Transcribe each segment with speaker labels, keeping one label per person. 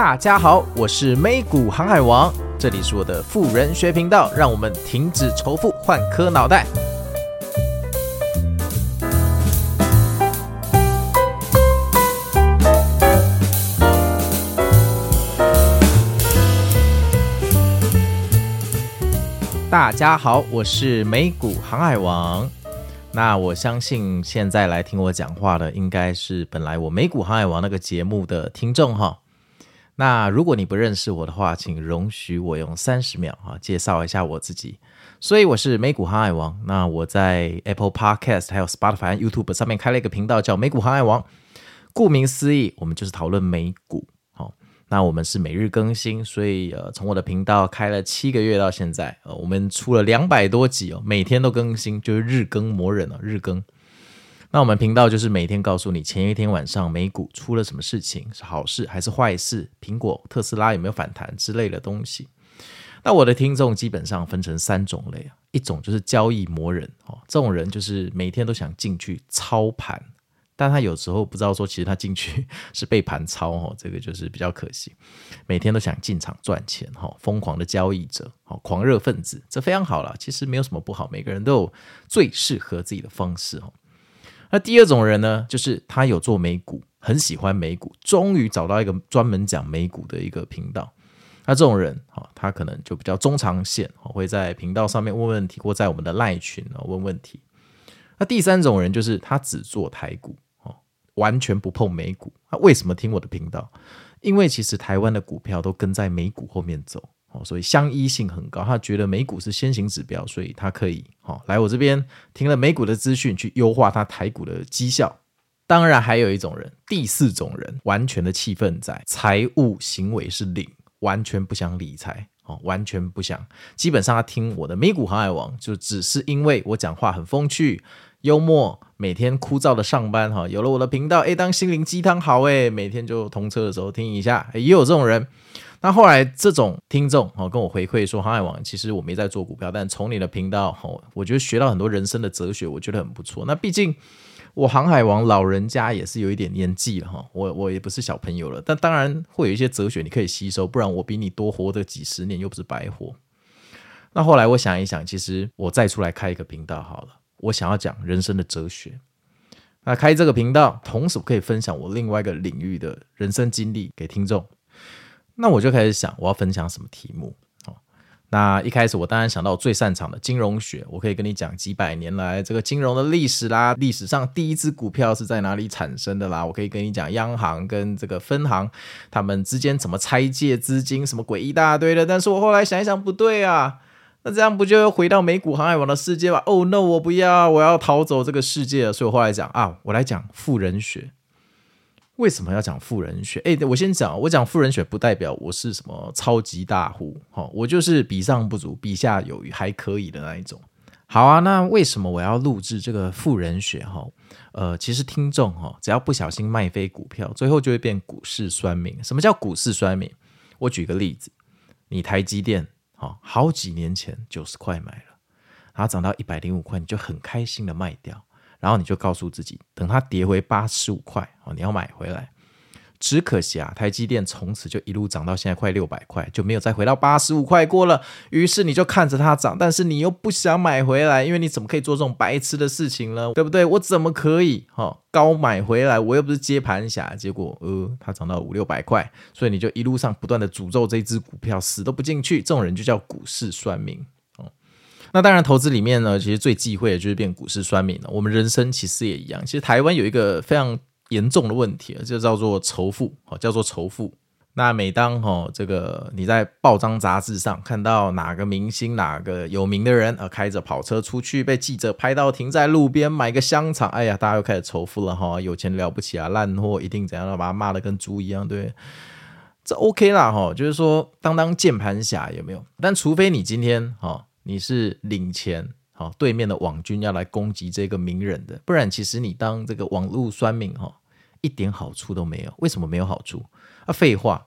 Speaker 1: 大家好，我是美股航海王，這裡是我的富人學頻道，讓我們停止仇富，換顆腦袋。大家好，我是美股航海王。那我相信現在來聽我講話的，應該是本來我美股航海王那個節目的聽眾哈。那如果你不認識我的話，請容許我用三十秒啊介紹一下我自己。所以我是美股航海王，那我在 Apple Podcast 還有 Spotify、YouTube 上面開了一個頻道叫美股航海王。顧名思義，我們就是討論美股。好、哦，那我們是每日更新，所以呃，從我的頻道開了七個月到現在，呃，我們出了兩百多集哦，每天都更新，就是日更魔人了、哦，日更，那我們頻道就是每天告訴你前一天晚上美股出了什麼事情，是好事還是壞事？蘋果、特斯拉有沒有反彈之類的東西？那我的聽眾基本上分成三種類啊，一種就是交易魔人哦，這種人就是每天都想進去操盤，但他有時候不知道說其實他進去是被盤操哦，這個就是比較可惜，每天都想進場賺錢哈，哦，瘋狂的交易者哦，狂熱分子，這非常好了，其實沒有什麼不好，每個人都有最適合自己的方式。那第二種人呢，就是他有做美股，很喜歡美股，終於找到一個專門講美股的一個頻道。那這種人，哈，他可能就比較中長線，會在頻道上面問問題，或在我們的賴群問問題。那第三種人就是他只做台股，哦，完全不碰美股，他為什麼聽我的頻道？因為其實台灣的股票都跟在美股後面走。哦、所以相依性很高。他覺得美股是先行指標，所以他可以哦來我這邊聽了美股的資訊，去優化他台股的績效。當然，還有一種人，第四種人，完全的氣氛，在財務行為是零，完全不想理財、哦、完全不想。基本上他聽我的美股航海王，就只是因為我講話很風趣幽默，每天枯燥的上班哈、哦，有了我的頻道，哎，當心靈雞湯好哎，每天就通車的時候聽一下。誒也有這種人。那後來，這種聽眾跟我回饋說，航海王，其實我沒在做股票，但從你的頻道哦，我覺得學到很多人生的哲學，我覺得很不錯。那畢竟我航海王老人家也是有一點年紀了哈，我我也不是小朋友了。但當然會有一些哲學你可以吸收，不然我比你多活個幾十年又不是白活。那後來我想一想，其實我再出來開一個頻道好了，我想要講人生的哲學。那開這個頻道，同時可以分享我另外一個領域的人生經歷給聽眾。那我就開始想，我要分享什麼題目？哦，那一開始我當然想到我最擅長的金融學，我可以跟你講幾百年來這個金融的歷史啦，歷史上第一隻股票是在哪裡產生的啦，我可以跟你講央行跟這個分行他們之間怎麼拆借資金，什麼鬼一大堆的。但是我後來想一想，不對啊，那這樣不就回到美股航海王的世界吧？Oh no，我不要，我要逃走這個世界。所以我後來講啊，我來講富人學。為什麼要講富人學？哎，我先講，我講富人學不代表我是什麼超級大戶，哈，我就是比上不足，比下有餘，還可以的那一種。好啊，那為什麼我要錄制這個富人學？哈，呃，其實聽眾哈，只要不小心賣飛股票，最後就會變股市酸民。什麼叫股市酸民？我舉個例子，你台積電，哈，好幾年前九十塊買了，然後漲到一百零五塊，你就很開心的賣掉。然後你就告訴自己，等它跌回八十五塊哦，你要買回來。只可惜啊，台積電從此就一路漲到現在快六百塊，就沒有再回到八十五塊過了。於是你就看着它漲，但是你又不想買回來，因為你怎麼可以做這種白痴的事情呢？對不對？我怎麼可以？哈，高買回來，我又不是接盤俠。結果呃，它漲到五六百塊，所以你就一路上不斷的詛咒這支股票死都不進去。這種人就叫股市算命。那當然，投資裡面呢，其實最忌諱的就是變股市酸民了。我們人生其實也一樣。其實台灣有一個非常嚴重的問題，就叫做仇富、哦，叫做仇富。那每當哦，這個你在報章雜誌上看到哪個明星、哪個有名的人，呃、啊，開着跑車出去，被記者拍到停在路邊買個香腸，哎呀，大家又開始仇富了哈、哦，有錢了不起啊，爛貨一定怎樣，把他罵得跟豬一樣，對？這 OK 啦，哈、哦，就是說當當鍵盤俠有沒有？但除非你今天，哈、哦。你是領錢，好，對面的網軍要來攻擊這個名人的，不然其實你當這個網絡酸民，哈，一點好處都沒有。為什麼沒有好處？啊，廢話，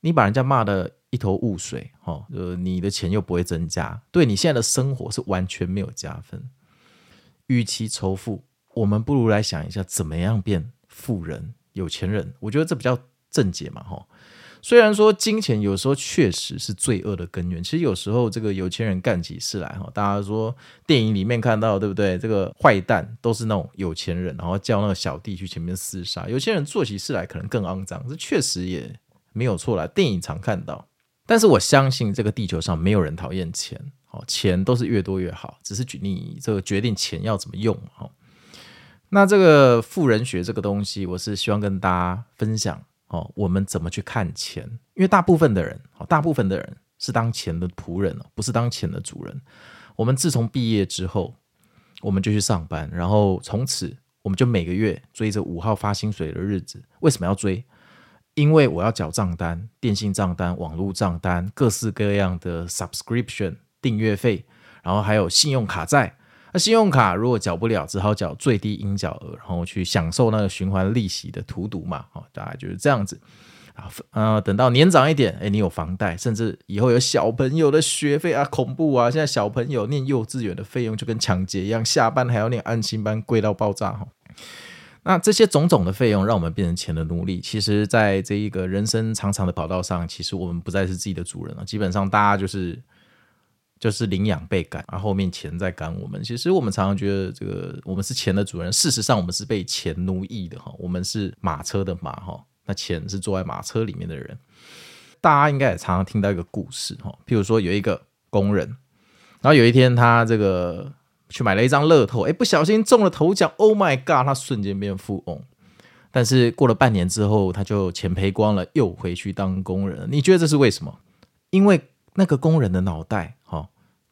Speaker 1: 你把人家罵得一頭霧水，哈，呃，你的錢又不會增加，對你現在的生活是完全沒有加分。與其仇富，我們不如來想一下，怎麼樣變富人、有錢人？我覺得這比較正解嘛，哈。雖然說金錢有時候確實是罪惡的根源，其實有時候這個有錢人幹起事來哈，大家說電影裡面看到對不對？這個壞蛋都是那種有錢人，然後叫那個小弟去前面廝殺。有錢人做起事來可能更骯髒，這確實也沒有錯啦。電影常看到，但是我相信這個地球上沒有人討厭錢，好，錢都是越多越好，只是舉例這個決定錢要怎麼用哈。那這個富人學這個東西，我是希望跟大家分享。哦，我們怎麼去看錢？因為大部分的人，哦，大部分的人是當錢的僕人，不是當錢的主人。我們自從畢業之後，我們就去上班，然後從此我們就每個月追着五號發薪水的日子。為什麼要追？因為我要繳賬單電信賬單、網絡賬單、各式各樣的 subscription 訂閱費，然後還有信用卡債。那信用卡如果繳不了，只好繳最低應繳額，然後去享受那個循環利息的荼毒嘛。哦，大概就是這樣子啊。呃，等到年長一點，誒，你有房貸，甚至以後有小朋友的學費啊，恐怖啊！現在小朋友念幼稚園的費用就跟搶劫一樣，下班還要念安親班，貴到爆炸哈。那這些種種的費用，讓我們變成錢的奴隸。其實，在這一個人生長長的跑道上，其實我們不再是自己的主人了。基本上，大家就是。就是領養被趕，然後後面錢在趕我們。其實我們常常覺得這個我們是錢的主人，事實上我們是被錢奴役的哈。我們是馬車的馬哈，那錢是坐在馬車裡面的人。大家應該也常常聽到一個故事哈，譬如說有一個工人，然後有一天他這個去買了一張樂透，哎、欸，不小心中了頭獎，Oh my God，他瞬間變富翁。但是過了半年之後，他就錢賠光了，又回去當工人。你覺得這是為什麼？因為那個工人的腦袋。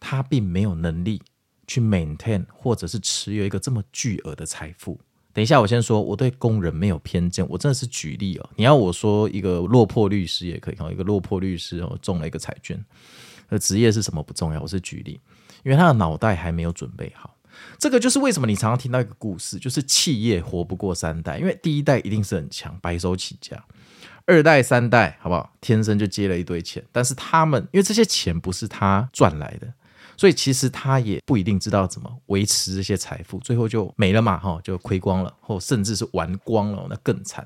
Speaker 1: 他並沒有能力去 maintain 或者是持有一個這麼巨額的財富。等一下，我先說，我對工人沒有偏見，我真的是舉例哦。你要我說一個落魄律師也可以，哦，一個落魄律師哦，中了一個彩券，呃，職業是什麼不重要，我是舉例，因為他的腦袋還沒有準備好。這個就是為什麼你常常聽到一個故事，就是企業活不過三代，因為第一代一定是很強，白手起家，二代三代好不好？天生就接了一堆錢，但是他們因為這些錢不是他賺來的。所以其實他也不一定知道怎麼維持這些財富，最後就沒了嘛，哈，就虧光了，或甚至是玩光了，那更慘。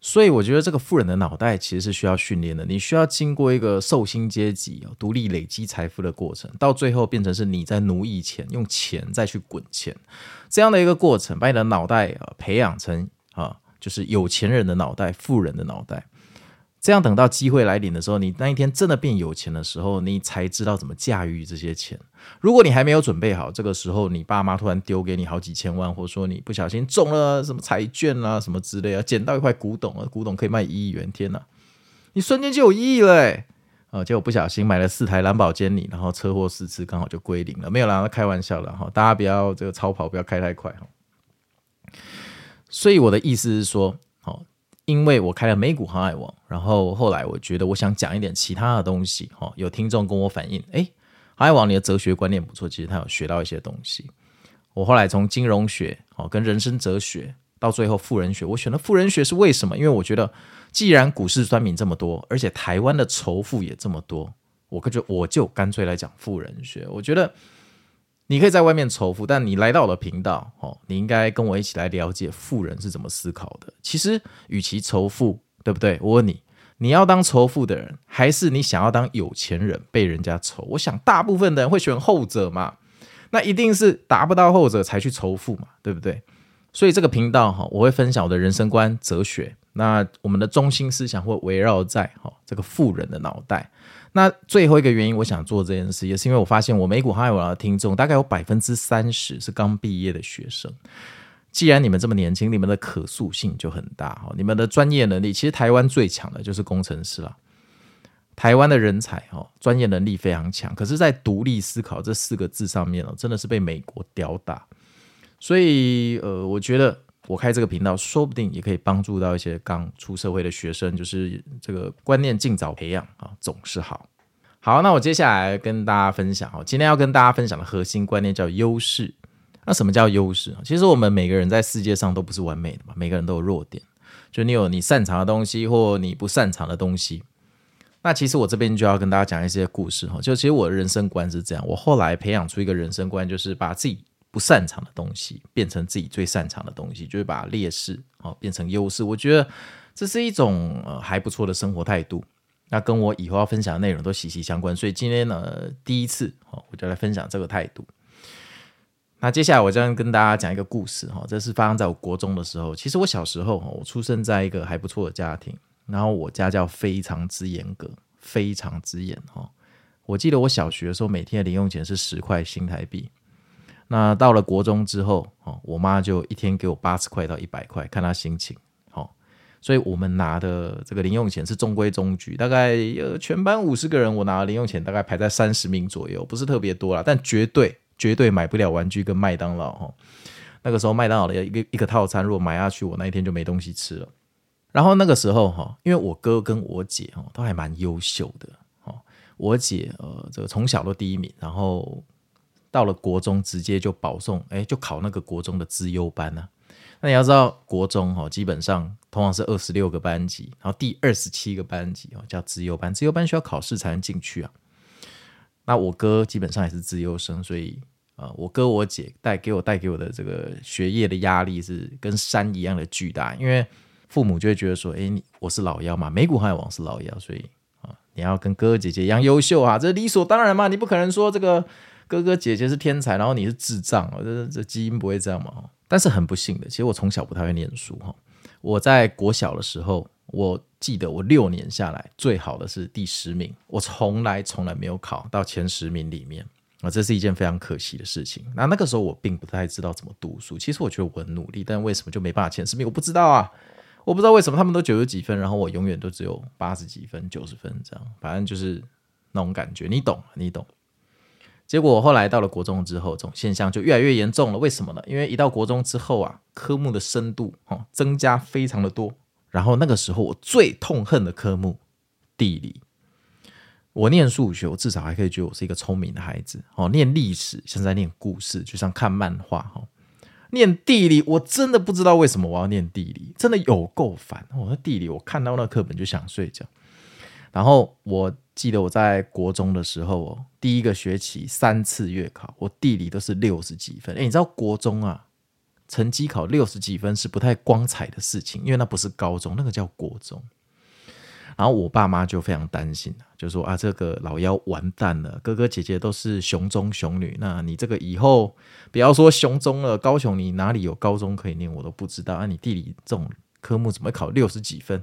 Speaker 1: 所以我覺得這個富人的腦袋其實是需要訓練的，你需要經過一個受薪階級，獨立累積財富的過程，到最後變成是你在奴役錢，用錢再去滾錢這樣的一個過程，把你的腦袋培養成啊，就是有錢人的腦袋，富人的腦袋。這樣等到機會來臨的時候，你那一天真的變有錢的時候，你才知道怎麼駕馭這些錢。如果你還沒有準備好，這個時候你爸媽突然丟給你好幾千萬，或者說你不小心中了什麼彩券啊，什麼之類啊，撿到一塊古董啊，古董可以賣一億元，天吶、啊，你瞬間就有一億了、欸、啊！結果不小心買了四台藍寶堅尼，然後車禍四次，剛好就歸零了。沒有啦，開玩笑了哈，大家不要這個超跑，不要開太快。所以我的意思是說，好、哦。因為我開了美股航海王，然後後來我覺得我想講一點其他的東西哦，有聽眾跟我反映，哎，航海王你的哲學觀念不錯，其實他有學到一些東西。我後來從金融學哦，跟人生哲學到最後富人學，我選了富人學是為什麼？因為我覺得既然股市酸民這麼多，而且台灣的仇富也這麼多，我可就我就乾脆來講富人學。我覺得。你可以在外面仇富，但你來到我的頻道，哦，你應該跟我一起來了解富人是怎麼思考的。其實，與其仇富，對不對？我問你，你要當仇富的人，還是你想要當有錢人被人家仇？我想，大部分的人會選後者嘛。那一定是達不到後者才去仇富嘛，對不對？所以這個頻道哈、哦，我會分享我的人生觀、哲學。那我們的中心思想會圍繞在哈、哦、這個富人的腦袋。那最後一個原因，我想做這件事，也是因為我發現我美股航海王的聽眾大概有百分之三十是剛畢業的學生。既然你們這麼年輕，你們的可塑性就很大哈。你們的專業能力，其實台灣最強的就是工程師了。台灣的人才哈，專業能力非常強，可是，在獨立思考這四個字上面哦，真的是被美國吊打。所以，呃，我覺得。我開這個頻道，說不定也可以幫助到一些剛出社會的學生，就是這個觀念盡早培養啊，總是好。好，那我接下來跟大家分享哈，今天要跟大家分享的核心觀念叫優勢。那什麼叫優勢？其實我們每個人在世界上都不是完美的嘛，每個人都有弱點。就你有你擅長的東西，或你不擅長的東西。那其實我這邊就要跟大家講一些故事哈，就其實我的人生觀是這樣，我後來培養出一個人生觀，就是把自己。不擅長的東西變成自己最擅長的東西，就是把劣勢哦變成優勢。我覺得這是一種呃還不錯的生活態度。那跟我以後要分享的內容都息息相關，所以今天呢，第一次哦我就來分享這個態度。那接下來我將跟大家講一個故事哈、哦，這是發生在我國中的時候。其實我小時候，哦、我出生在一個還不錯的家庭，然後我家教非常之嚴格，非常之嚴哈、哦。我記得我小學的時候，每天的零用錢是十塊新台幣。那到了國中之後，哦，我媽就一天給我八十塊到一百塊，看她心情，哦，所以我們拿的這個零用錢是中規中矩，大概呃全班五十個人，我拿的零用錢大概排在三十名左右，不是特別多啦，但絕對絕對買不了玩具跟麥當勞哈。那個時候麥當勞的一個一個套餐，如果買下去，我那一天就沒東西吃了。然後那個時候哈，因為我哥跟我姐哦都還蠻優秀的，哦，我姐呃這個從小都第一名，然後。到了國中，直接就保送，哎、欸，就考那個國中的資優班呢、啊。那你要知道，國中、哦、基本上通常是二十六個班級，然後第二十七個班級哦叫資優班，資優班需要考試才能進去啊。那我哥基本上也是資優生，所以啊，我哥我姐帶給我帶給我的這個學業的壓力是跟山一樣的巨大，因為父母就會覺得說，哎、欸，我是老幺嘛，美股航海王是老幺，所以、啊、你要跟哥哥姐姐一樣優秀啊，這理所當然嘛，你不可能說這個。哥哥姐姐是天才，然後你是智障，這這基因不會這樣嘛？但是很不幸的，其實我從小不太會念書哈。我在國小的時候，我記得我六年下來最好的是第十名，我從來從來沒有考到前十名裡面啊，這是一件非常可惜的事情。那那個時候我並不太知道怎麼讀書，其實我覺得我很努力，但為什麼就沒辦法前十名？我不知道啊，我不知道為什麼他們都九十幾分，然後我永遠都只有八十幾分、九十分這樣，反正就是那種感覺，你懂，你懂。結果我後來到了國中之後，這種現象就越來越嚴重了。為什麼呢？因為一到國中之後啊，科目的深度哦增加非常的多。然後那個時候我最痛恨的科目地理，我念數學，我至少還可以覺得我是一個聰明的孩子哦。念歷史，現在念故事，就像看漫畫哈、哦。念地理，我真的不知道為什麼我要念地理，真的有夠煩。我、哦、說地理，我看到那課本就想睡覺。然後我。記得我在國中的時候哦，第一個學期三次月考，我地理都是六十幾分。哎，你知道國中啊，成績考六十幾分是不太光彩的事情，因為那不是高中，那個叫國中。然後我爸媽就非常擔心，就說啊，這個老幺完蛋了，哥哥姐姐都是雄中雄女，那你這個以後不要說雄中了，高雄你哪裡有高中可以念，我都不知道。啊，你地理這種科目怎麼考六十幾分？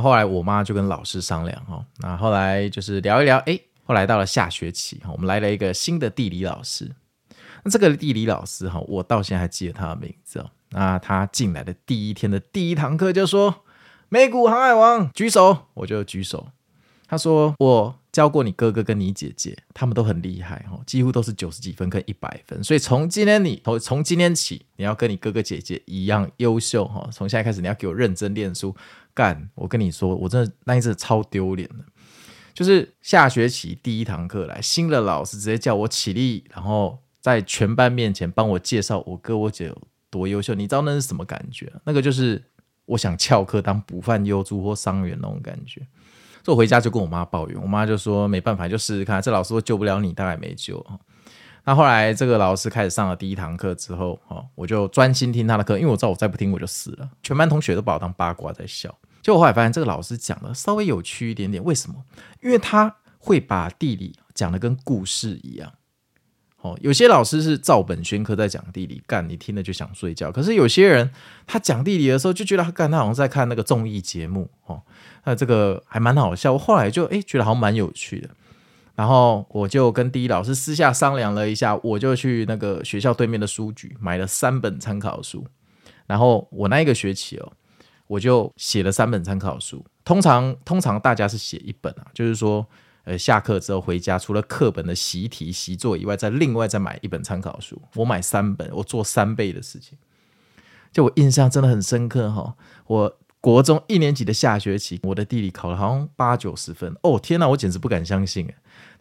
Speaker 1: 後來我媽就跟老師商量哦，那後來就是聊一聊，哎，後來到了下學期，哈，我們來了一個新的地理老師，那這個地理老師哈，我到現在還記得他的名字哦。那他進來的第一天的第一堂課就說：“美股航海王舉手。”我就舉手。他說：“我教過你哥哥跟你姐姐，他們都很厲害哦，幾乎都是九十幾分跟一百分。所以從今天你從今天起，你要跟你哥哥姐姐一樣優秀哈。從現在開始，你要給我認真念書。”幹！我跟你說，我真的那一次超丟臉的。就是下學期第一堂課來，新的老師直接叫我起立，然後在全班面前幫我介紹我哥我姐有多優秀。你知道那是什麼感覺啊？那個就是我想翹課當補飯優租或傷員那種感覺。所以我回家就跟我媽抱怨，我媽就說沒辦法，就試試看。這老師說：「救不了你，大概沒救。」那後來這個老師開始上了第一堂課之後，我就專心聽他的課，因為我知道我再不聽我就死了。全班同學都把我當八卦在笑。就我後來發現，這個老師講的稍微有趣一點點。為什麼？因為他會把地理講得跟故事一樣。哦，有些老師是照本宣科在講地理，干你聽了就想睡覺。可是有些人他講地理的時候，就覺得他干他好像在看那個綜藝節目。哦，那這個還蠻好笑。我後來就誒、欸，覺得好像蠻有趣的。然後我就跟地理老師私下商量了一下，我就去那個學校對面的書局買了三本參考書。然後我那一個學期哦。我就寫了三本參考書，通常通常大家是寫一本啊，就是說，呃，下課之後回家，除了課本的習題、習作以外，再另外再買一本參考書。我買三本，我做三倍的事情。就我印象真的很深刻哈、哦，我國中一年級的下學期，我的地理考了好像八九十分哦，天哪，我簡直不敢相信！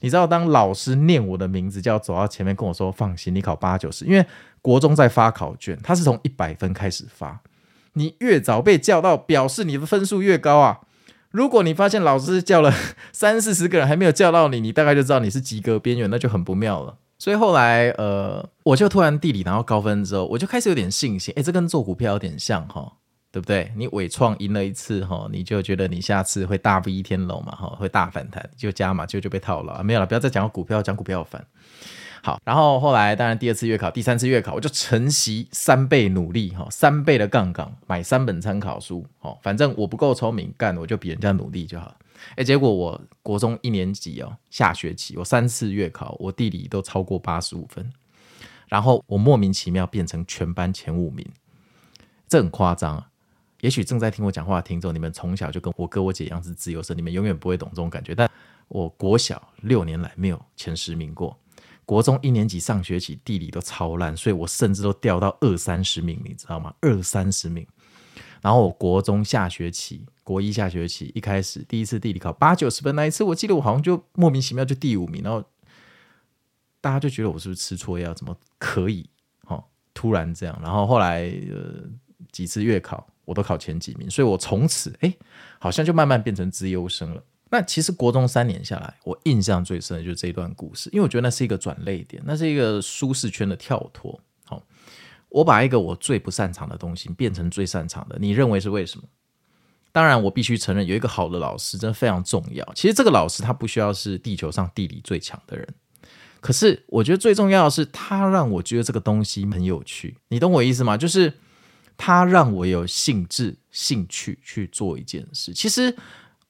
Speaker 1: 你知道，當老師念我的名字，就要走到前面跟我說：“放心，你考八九十。”因為國中在發考卷，他是從一百分開始發。你越早被叫到，表示你的分數越高啊！如果你發現老師叫了三四十個人還沒有叫到你，你大概就知道你是及格邊緣，那就很不妙了。所以後來，呃，我就突然地理拿到高分之後，我就開始有點信心。哎，這跟做股票有點像哈，對不對？你偽創贏了一次哈，你就覺得你下次會大飛天龍嘛哈，會大反彈就加碼嘛，就就被套牢。沒有了，不要再講股票，講股票反好，然後後來當然第二次月考、第三次月考，我就承襲三倍努力哈，三倍的槓桿買三本參考書哦，反正我不夠聰明幹，我就比人家努力就好。哎，結果我國中一年級哦，下學期我三次月考，我地理都超過八十五分，然後我莫名其妙變成全班前五名，這很誇張啊！也許正在聽我講話的聽眾，你們從小就跟我哥我姐一樣是資優生，你們永遠不會懂這種感覺。但我國小六年來沒有前十名過。國中一年級上學期地理都超爛，所以我甚至都掉到二三十名，你知道嗎？二三十名。然後我國中下學期，國一下學期一開始第一次地理考八九十分，那一次我記得我好像就莫名其妙就第五名，然後大家就覺得我是不是吃錯藥？怎麼可以？哈、哦，突然這樣。然後後來、呃、幾次月考我都考前幾名，所以我從此哎，好像就慢慢變成資優生了。那其實國中三年下來，我印象最深的就是這一段故事，因為我覺得那是一個轉捩點，那是一個舒適圈的跳脫。好、哦，我把一個我最不擅長的東西變成最擅長的，你認為是為什麼？當然，我必須承認有一個好的老師真的非常重要。其實這個老師他不需要是地球上地理最強的人，可是我覺得最重要的是他讓我覺得這個東西很有趣。你懂我意思嗎？就是他讓我有興致、興趣去做一件事。其實。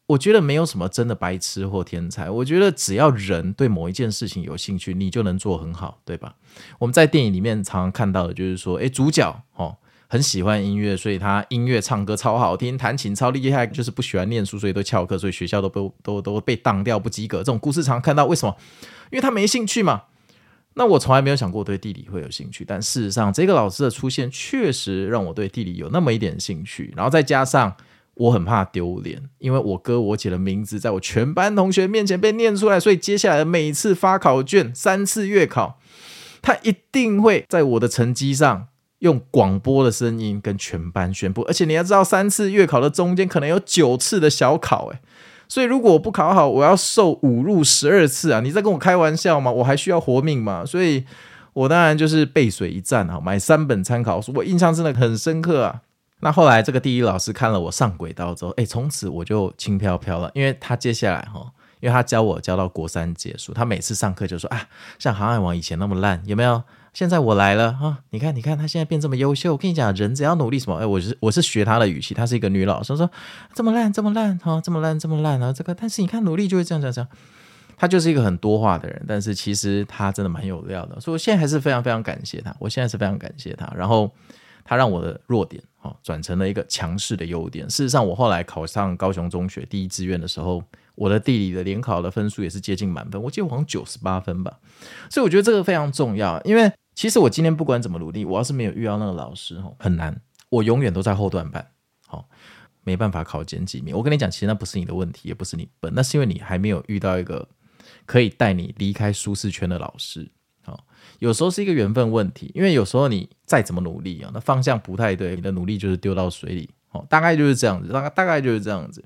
Speaker 1: 我覺得沒有什麼真的白痴或天才。我覺得只要人對某一件事情有興趣，你就能做很好，對吧？我們在電影裡面常常看到的就是說，誒，主角哦很喜歡音樂，所以他音樂唱歌超好聽，彈琴超厲害，就是不喜歡念書，所以都翹課，所以學校都都都都被當掉，不及格。這種故事常看到，為什麼？因為他沒興趣嘛。那我從來沒有想過對地理會有興趣，但事實上，這個老師的出現確實讓我對地理有那麼一點興趣，然後再加上。我很怕丟臉，因為我哥我姐的名字在我全班同學面前被念出來，所以接下來的每次發考卷，三次月考，他一定會在我的成績上用廣播的聲音跟全班宣布。而且你要知道，三次月考的中間可能有九次的小考，誒，所以如果我不考好，我要受侮辱十二次啊！你在跟我開玩笑嗎？我還需要活命嗎？所以，我當然就是背水一戰啊，買三本參考書，我印象真的很深刻啊。那後來，這個第一老師看了我上軌道之後，哎，從此我就輕飄飄了。因為他接下來哈，因為他教我教到國三結束，他每次上課就說啊，像航海王以前那麼爛有沒有？現在我來了哈、啊。你看，你看他現在變這麼優秀。我跟你講，人只要努力什麼？哎，我是我是學他的語氣，他是一個女老師，我說這麼爛，這麼爛哈，這麼爛，這麼爛，然後這個，但是你看努力就會這樣這樣這樣。他就是一個很多話的人，但是其實他真的蠻有料的，所以我現在還是非常非常感謝他。我現在是非常感謝他，然後。他讓我的弱點，哈，轉成了一個強勢的優點。事實上，我後來考上高雄中學第一志願的時候，我的地理的聯考的分數也是接近滿分，我記得我好像九十八分吧。所以我覺得這個非常重要，因為其實我今天不管怎麼努力，我要是沒有遇到那個老師，哦，很難，我永遠都在後段班，好，沒辦法考前幾名。我跟你講，其實那不是你的問題，也不是你笨，那是因為你還沒有遇到一個可以帶你離開舒適圈的老師。好，有時候是一個緣分問題，因為有時候你再怎麼努力啊，那方向不太對，你的努力就是丟到水裡，好，大概就是這樣子，大概大概就是這樣子。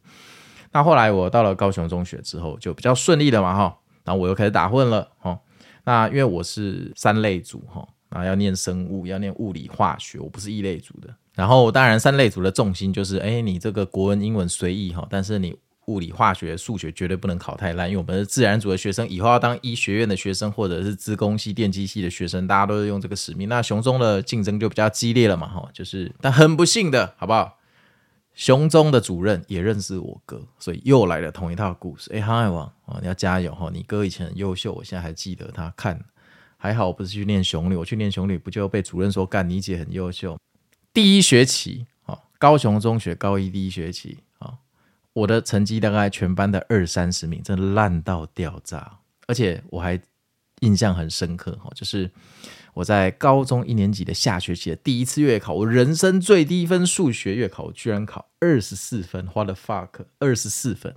Speaker 1: 那後來我到了高雄中學之後，就比較順利了嘛，哈，然後我又開始打混了，哈，那因為我是三類組，哈，那要念生物，要念物理化學，我不是一類組的。然後當然三類組的重心就是，哎、欸，你這個國文、英文隨意，哈，但是你。物理、化學、數學絕對不能考太爛，因為我們是自然組的學生，以後要當醫學院的學生或者是資工系、電機系的學生，大家都是用這個使命。那雄中的競爭就比較激烈了嘛，哈、哦，就是但很不幸的，好不好？雄中的主任也認識我哥，所以又來了同一套故事。哎，航海王哦，你要加油哈、哦！你哥以前很優秀，我現在還記得他。看，還好我不是去念雄女，我去念雄女，不就被主任說干？你姐很優秀，第一學期哦，高雄中學高一第一學期。我的成績大概全班的二三十名，真的爛到掉渣。而且我還印象很深刻哦，就是我在高中一年級的下學期的第一次月考，我人生最低分數學月考，我居然考二十四分，花了 fuck 二十四分。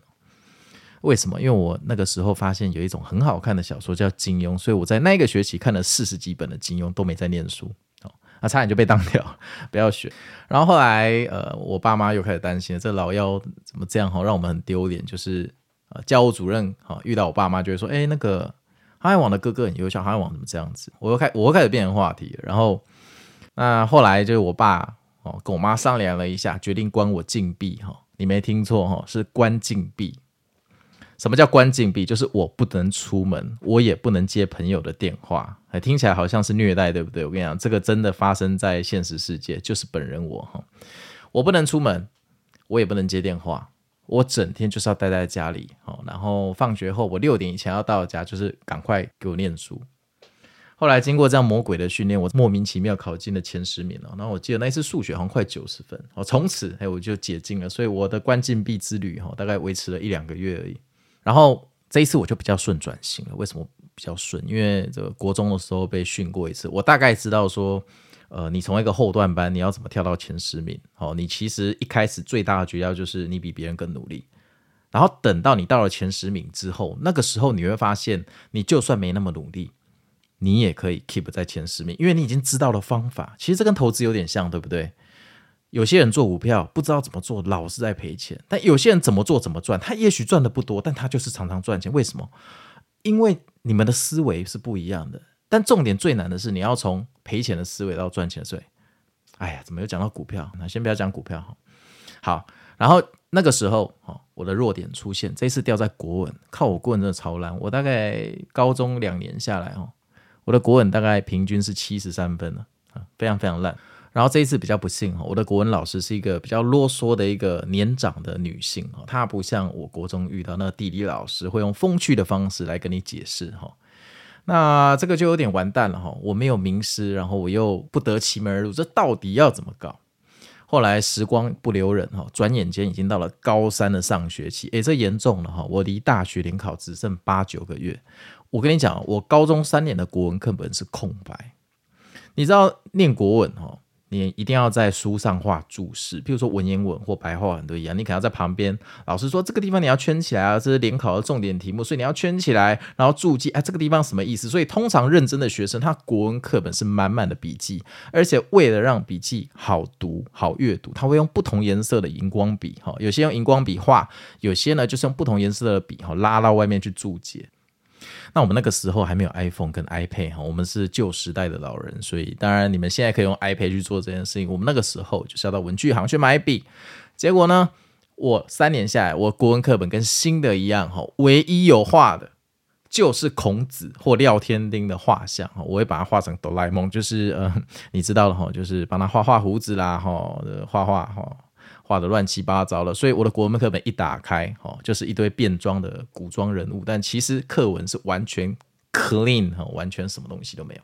Speaker 1: 為什麼？因為我那個時候發現有一種很好看的小說叫金庸，所以我在那個學期看了四十幾本的金庸，都沒在念書。啊，差點就被當掉，不要選。然後後來，呃，我爸媽又開始擔心，這老幺怎麼這樣哈、哦，讓我們很丟臉。就是呃，教務主任哈、哦、遇到我爸媽就會說，哎，那個航海王的哥哥很優秀，航海王怎麼這樣子？我又開，我又開始變成話題。然後那後來就是我爸哦跟我媽商量了一下，決定關我禁閉哈、哦。你沒聽錯哈、哦，是關禁閉。什麼叫關禁閉？就是我不能出門，我也不能接朋友的電話。哎，聽起來好像是虐待，對不對？我跟你講，這個真的發生在現實世界，就是本人我哈，我不能出門，我也不能接電話，我整天就是要待在家裡。好，然後放學後我六點以前要到家，就是趕快給我念書。後來經過這樣魔鬼的訓練，我莫名其妙考進了前十名了。然後我記得那一次數學好像快九十分。好，從此哎我就解禁了。所以我的關禁閉之旅哈，大概維持了一兩個月而已。然後這一次我就比較順轉型了，為什麼比較順？因為這個國中的時候被訓過一次，我大概知道說，呃，你從一個後段班，你要怎麼跳到前十名？哦，你其實一開始最大的訣竅就是你比別人更努力。然後等到你到了前十名之後，那個時候你會發現，你就算沒那麼努力，你也可以 keep 在前十名，因為你已經知道了方法。其實這跟投資有點像，對不對？有些人做股票不知道怎麼做，老是在賠錢。但有些人怎麼做怎麼賺，他也許賺的不多，但他就是常常賺錢。為什麼？因為你們的思維是不一樣的。但重點最難的是，你要從賠錢的思維到賺錢的思維。哎呀，怎麼又講到股票？那先不要講股票。好，然後那個時候我的弱點出現，這次掉在國文，靠我國文真的超爛。我大概高中兩年下來哦，我的國文大概平均是七十三分了啊，非常非常爛。然後這一次比較不幸哈，我的國文老師是一個比較囉嗦的一個年長的女性哈，她不像我國中遇到那個地理老師會用風趣的方式來跟你解釋哈，那這個就有點完蛋了哈，我沒有名師，然後我又不得其門而入，這到底要怎麼搞？後來時光不留人哈，轉眼間已經到了高三的上學期，哎，這嚴重了哈，我離大學聯考只剩八九個月，我跟你講，我高中三年的國文課本是空白，你知道念國文哈？你一定要在書上畫注釋，譬如說文言文或白話文都一樣，你可能要在旁邊。老師說這個地方你要圈起來啊，這是聯考的重點題目，所以你要圈起來，然後注記。哎、啊，這個地方什麼意思？所以通常認真的學生，他國文課本是滿滿的筆記，而且為了讓筆記好讀好閱讀，他會用不同顏色的熒光筆，哈，有些用熒光筆畫，有些呢就是用不同顏色的筆，哈，拉到外面去注解。那我們那個時候還沒有 iPhone 跟 iPad 哈，我們是舊時代的老人，所以當然你們現在可以用 iPad 去做這件事情。我們那個時候就是要到文具行去買筆，結果呢，我三年下來，我國文課本跟新的一樣哈，唯一有畫的，就是孔子或廖添丁的畫像，我會把它畫成哆啦 A 夢，就是呃，你知道的哈，就是幫他畫畫鬍子啦哈，畫畫哈。畫得亂七八糟了，所以我的國文課本一打開，哦，就是一堆變裝的古裝人物，但其實課文是完全 clean，哦，完全什麼東西都沒有。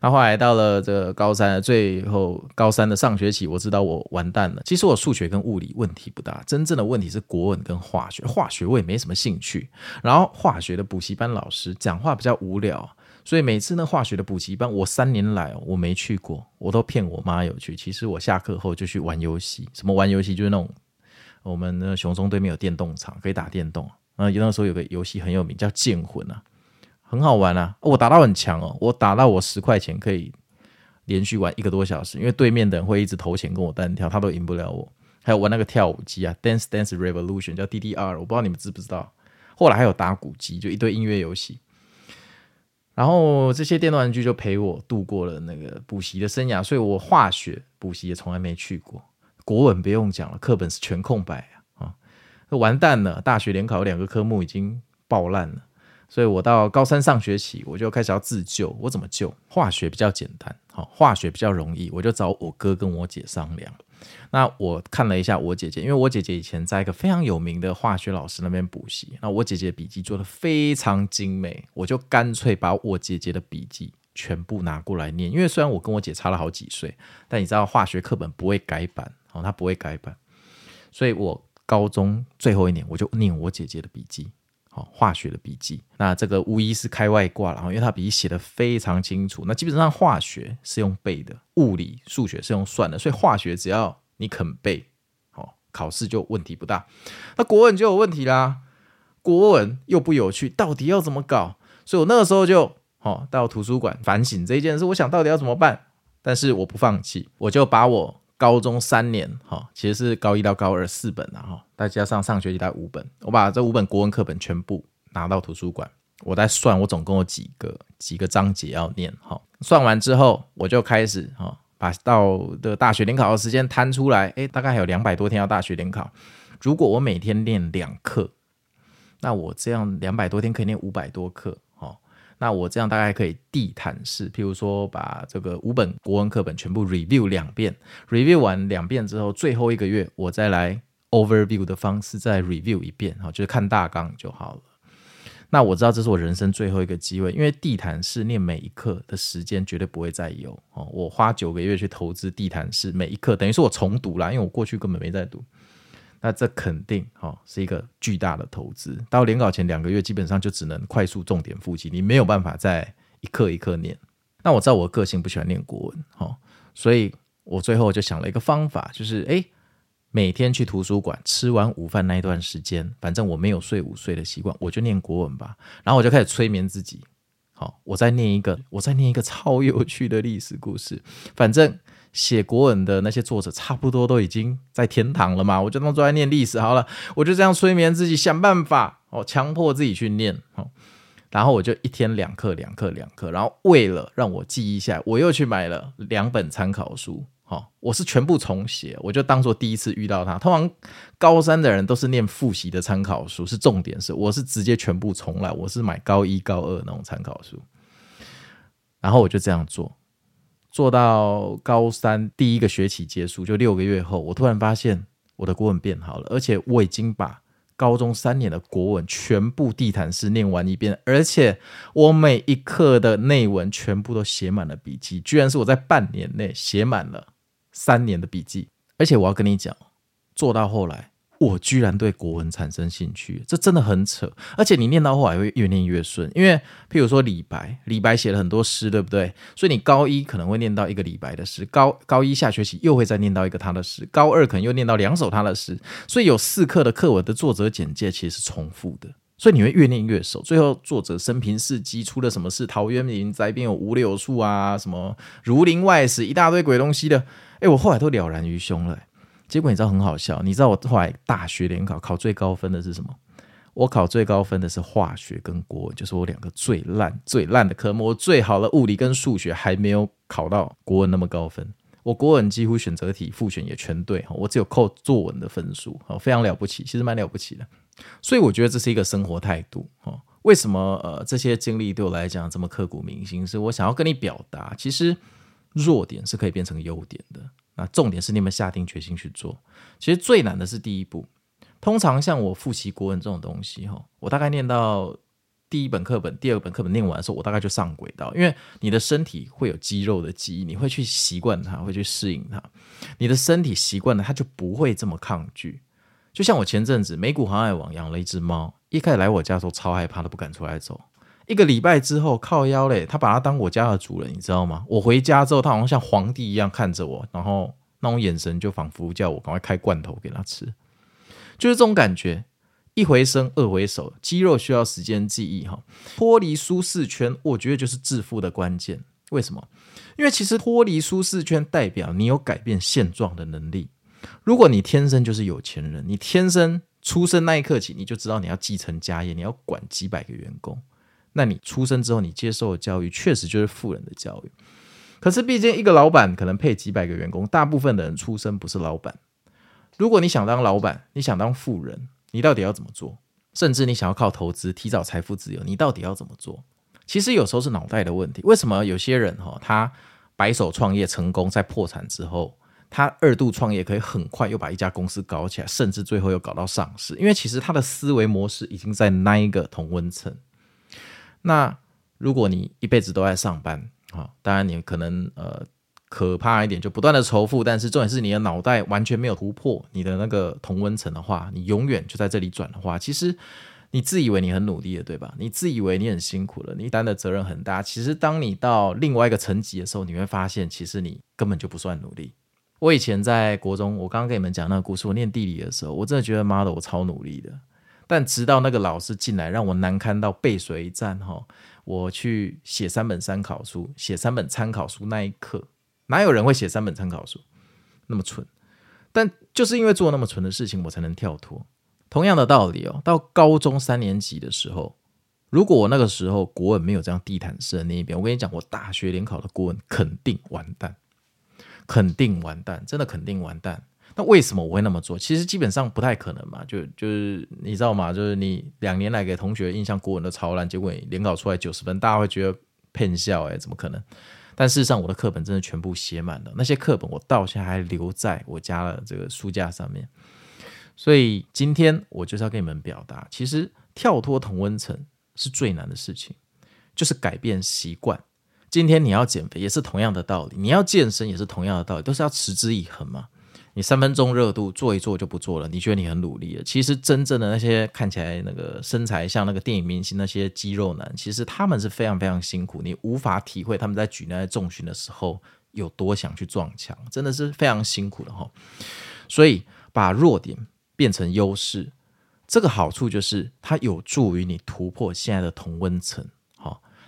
Speaker 1: 那後來到了這個高三最後高三的上學期，我知道我完蛋了。其實我數學跟物理問題不大，真正的問題是國文跟化學，化學我也沒什麼興趣，然後化學的補習班老師講話比較無聊。所以每次那化學的補習班，我三年來我沒去過，我都騙我媽有去。其實我下課後就去玩遊戲，什麼玩遊戲就是那種，我們的雄中對面有電動場可以打電動。啊，有那時候有個遊戲很有名叫《劍魂》啊，很好玩啊，我打到很強哦，我打到我十塊錢可以連續玩一個多小時，因為對面的人會一直投錢跟我單挑，他都贏不了我。還有玩那個跳舞機啊，《Dance Dance Revolution》叫 DDR，我不知道你們知不知道。後來還有打鼓機，就一堆音樂遊戲。然後這些電動玩具就陪我度過了那個補習的生涯，所以我化學補習也從來沒去過。國文不用講了，課本是全空白啊，啊、哦，完蛋了！大學聯考有兩個科目已經爆爛了，所以我到高三上學期我就開始要自救。我怎麼救？化學比較簡單，好、哦，化學比較容易，我就找我哥跟我姐商量。那我看了一下我姐姐，因為我姐姐以前在一個非常有名的化學老師那邊補習，那我姐姐的筆記做得非常精美，我就乾脆把我姐姐的筆記全部拿過來念。因為雖然我跟我姐差了好幾歲，但你知道化學課本不會改版哦，它不會改版，所以我高中最後一年我就念我姐姐的筆記。化學的筆記，那這個無疑是開外掛了，然後因為他筆記寫的非常清楚，那基本上化學是用背的，物理、數學是用算的，所以化學只要你肯背，哦，考試就問題不大。那國文就有問題啦，國文又不有趣，到底要怎麼搞？所以我那個時候就哦到圖書館反省這一件事，我想到底要怎麼辦，但是我不放棄，我就把我。高中三年，哈，其實是高一到高二四本了、啊、哈，再加上上學期的五本，我把這五本國文課本全部拿到圖書館，我在算我總共有幾個幾個章節要念，哈，算完之後我就開始哈，把到的大學聯考的時間攤出來，誒、欸，大概還有兩百多天要大學聯考，如果我每天念兩課，那我這樣兩百多天可以念五百多課。那我這樣大概可以地毯式，譬如說把這個五本國文課本全部 review 兩遍，review 完兩遍之後，最後一個月我再來 overview 的方式再 review 一遍，哈，就是看大綱就好了。那我知道這是我人生最後一個機會，因為地毯式念每一課的時間絕對不會再有哦。我花九個月去投資地毯式每一課，等於是我重讀了，因為我過去根本沒在讀。那這肯定哈是一個巨大的投資。到聯考前兩個月，基本上就只能快速重點複習，你沒有辦法再一課一課念。那我知道我的個性不喜歡念國文，哈，所以我最後就想了一個方法，就是哎，每天去圖書館，吃完午飯那一段時間，反正我沒有睡午睡的習慣，我就念國文吧。然後我就開始催眠自己。好、哦，我再念一個，我再念一個超有趣的歷史故事。反正寫國文的那些作者差不多都已經在天堂了嘛，我就當做在念歷史好了。我就這樣催眠自己，想辦法，哦，強迫自己去念。哦，然後我就一天兩課，兩課，兩課。然後為了讓我記一下，我又去買了兩本參考書。我是全部重寫，我就當做第一次遇到他。通常高三的人都是念復習的參考書，是重點是，我是直接全部重來，我是買高一高二的那種參考書，然後我就這樣做，做到高三第一個學期結束，就六個月後，我突然發現我的國文變好了，而且我已經把高中三年的國文全部地毯式念完一遍，而且我每一課的內文全部都寫滿了筆記，居然是我在半年內寫滿了，三年的筆記，而且我要跟你講，做到後來，我居然對國文產生興趣，這真的很扯。而且你念到後來會越念越順，因為譬如說李白，李白寫了很多詩，對不對？所以你高一可能會念到一個李白的詩，高高一下學期又會再念到一個他的詩，高二可能又念到兩首他的詩，所以有四課的課文的作者簡介其實是重複的。所以你會越念越熟。最後作者生平事跡出了什麼事？陶淵明宅邊有五柳樹啊，什麼《儒林外史》一大堆鬼東西的。哎、欸，我後來都了然於胸了、欸。結果你知道很好笑，你知道我後來大學聯考考最高分的是什麼？我考最高分的是化學跟國文，就是我兩個最爛、最爛的科目。我最好的物理跟數學還沒有考到國文那麼高分。我國文幾乎選擇題、複選也全對，我只有扣作文的分數，好，非常了不起，其實蠻了不起的。所以我覺得這是一個生活態度，哦，為什麼，呃，這些經歷對我來講這麼刻骨銘心？是我想要跟你表達，其實弱點是可以變成優點的。那，啊，重點是你們下定決心去做。其實最難的是第一步。通常像我複習國文這種東西，哈，我大概念到第一本課本、第二本課本念完的時候，我大概就上軌道。因為你的身體會有肌肉的記憶，你會去習慣它，會去適應它。你的身體習慣了，它就不會這麼抗拒。就像我前陣子美股航海王養了一只貓，一開始來我家的時候超害怕的，不敢出來走。一個禮拜之後靠腰嘞，它把它當我家的主人，你知道嗎？我回家之後，它好像像皇帝一樣看着我，然後那種眼神就仿佛叫我趕快開罐頭給它吃，就是這種感覺。一回生，二回熟，肌肉需要時間記憶哈。脫離舒適圈，我覺得就是致富的關鍵。為什麼？因為其實脫離舒適圈代表你有改變現狀的能力。如果你天生就是有錢人，你天生出生那一刻起，你就知道你要繼承家業，你要管幾百個員工。那你出生之後，你接受的教育確實就是富人的教育。可是，畢竟一個老闆可能配幾百個員工，大部分的人出生不是老闆。如果你想當老闆，你想當富人，你到底要怎麼做？甚至你想要靠投資提早財富自由，你到底要怎麼做？其實有時候是腦袋的問題。為什麼有些人哈，他白手創業成功，在破產之後，他二度創業可以很快又把一家公司搞起來，甚至最後又搞到上市，因為其實他的思維模式已經在那一個同溫層。那如果你一輩子都在上班，啊，當然你可能呃可怕一點，就不斷的仇富，但是重點是你的腦袋完全沒有突破你的那個同溫層的話，你永遠就在這裡轉的話，其實你自以為你很努力了，對吧？你自以為你很辛苦了，你擔的責任很大，其實當你到另外一個層級的時候，你會發現其實你根本就不算努力。我以前在國中，我剛剛跟你們講那個故事，我念地理的時候，我真的覺得媽的，我超努力的。但直到那個老師進來，讓我難堪到背水一戰哈，我去寫三本參考書，寫三本參考書那一刻，哪有人會寫三本參考書？那麼蠢。但就是因為做那麼蠢的事情，我才能跳脫。同樣的道理哦，到高中三年級的時候，如果我那個時候國文沒有這樣地毯式的那一邊，我跟你講，我大學聯考的國文肯定完蛋。肯定完蛋，真的肯定完蛋。那為什麼我會那麼做？其實基本上不太可能嘛，就就是你知道嗎？就是你兩年來給同學印象，國文都超爛，結果你聯考出來九十分，大家會覺得騙笑，誒，怎麼可能？但事實上，我的課本真的全部寫滿了，那些課本我到現在還留在我家的這個書架上面。所以今天我就是要給你們表達，其實跳脫同溫層是最難的事情，就是改變習慣。今天你要減肥也是同樣的道理，你要健身也是同樣的道理，都是要持之以恆嘛。你三分鐘熱度做一做就不做了，你覺得你很努力了。其實真正的那些看起來那個身材像那個電影明星那些肌肉男，其實他們是非常非常辛苦，你無法體會他們在舉那些重訓的時候有多想去撞牆，真的是非常辛苦的吼。所以把弱點變成優勢，這個好處就是它有助於你突破現在的同溫層。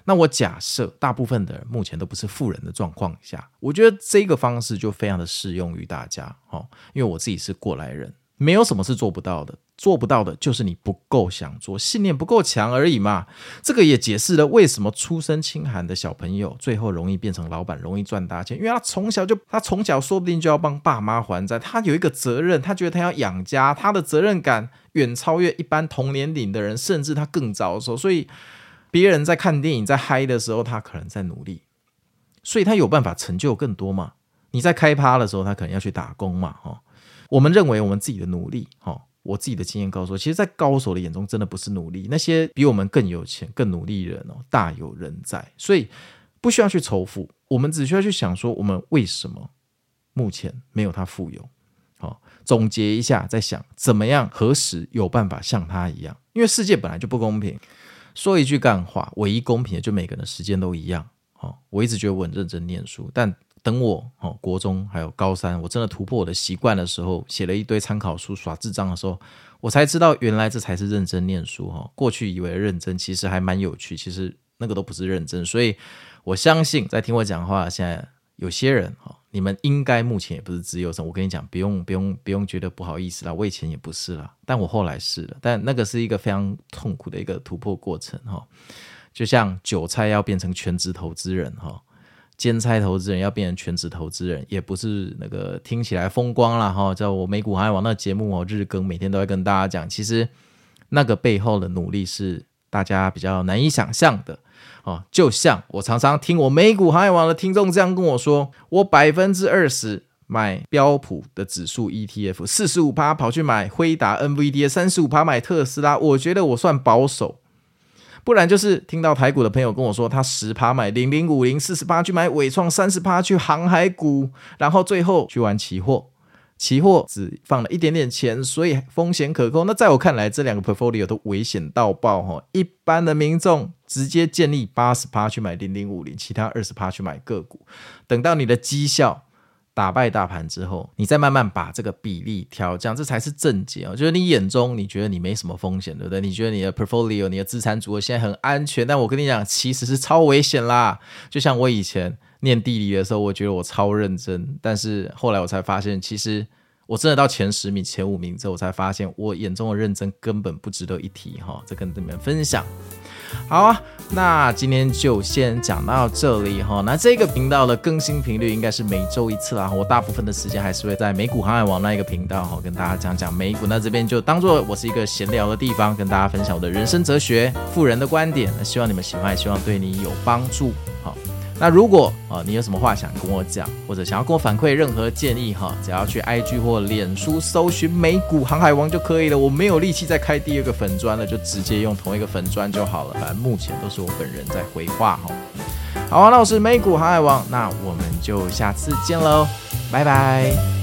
Speaker 1: 那我假設大部分的人目前都不是富人的狀況下，我覺得這個方式就非常的適用於大家哦，因為我自己是過來人，沒有什麼是做不到的，做不到的就是你不夠想做，信念不夠強而已嘛。這個也解釋了為什麼出身清寒的小朋友最後容易變成老闆，容易賺大錢，因為他從小就他從小說不定就要幫爸媽還債，他有一個責任，他覺得他要養家，他的責任感遠超越一般同年齡的人，甚至他更早熟所以，別人在看電影、在嗨的時候，他可能在努力，所以他有辦法成就更多嘛？你在開趴的時候，他可能要去打工嘛？哈，我們認為我們自己的努力，哈，我自己的經驗告訴我，其實，在高手的眼中，真的不是努力，那些比我們更有錢、更努力的人哦，大有人在，所以不需要去仇富，我們只需要去想說，我們為什麼目前沒有他富有？好，總結一下，在想怎麼樣、何時有辦法像他一樣？因為世界本來就不公平。說一句幹話，唯一公平的就每個人的時間都一樣，哦。我一直覺得我很認真念書，但等我哦國中還有高三，我真的突破我的習慣的時候，寫了一堆參考書耍智障的時候，我才知道原來這才是認真念書。哈，哦，過去以為認真其實還蠻有趣，其實那個都不是認真。所以我相信，在聽我講話現在有些人哈。哦你們應該目前也不是自由身，我跟你講，不用不用不用覺得不好意思啦，我以前也不是啦，但我後來是了，但那個是一個非常痛苦的一個突破過程哈、哦，就像韭菜要變成全職投資人哈、哦，兼差投資人要變成全職投資人，也不是那個聽起來風光啦哈、哦，在我美股還業網航海王那節目哦，日更每天都會跟大家講，其實那個背後的努力是大家比較難以想象的。哦，就像我常常聽我美股航海王的聽眾這樣跟我說，我百分之二十買標普的指數 ETF，四十五趴跑去買輝達 NVDA，三十五趴買特斯拉，我覺得我算保守。不然就是聽到台股的朋友跟我說他，他十趴買零零五零四十趴去買緯創，三十趴去航海股，然後最後去玩期貨。期貨只放了一點點錢，所以風險可控。那在我看來，這兩個 portfolio 都危險到爆。一般的民眾直接建立八十趴去買零零五零，其他二十趴去買個股。等到你的績效打敗大盤之後，你再慢慢把這個比例調降，這才是正解哦。就是你眼中你覺得你沒什麼風險，對不對？你覺得你的 portfolio、你的資產組合現在很安全，但我跟你講，其實是超危險啦。就像我以前。念地理的時候，我覺得我超認真，但是後來我才發現，其實我真的到前十名、前五名之後，我才發現我眼中的認真根本不值得一提哈。再跟你們分享，好啊，那今天就先講到這裡哈。那這個頻道的更新頻率應該是每周一次啊。我大部分的時間還是會在美股航海王那一個頻道哈，跟大家講講美股。那這邊就當做我是一個閒聊的地方，跟大家分享我的人生哲學、富人的觀點。那希望你們喜歡，也希望對你有幫助好。那如果啊、呃，你有什麼話想跟我講，或者想要跟我反饋任何建議哈，只要去 I G 或臉書搜尋美股航海王就可以了。我沒有力氣再開第二個粉磚了，就直接用同一個粉磚就好了。反正目前都是我本人在回話哈。好、啊，那我是，美股航海王，那我們就下次見嘍，拜拜。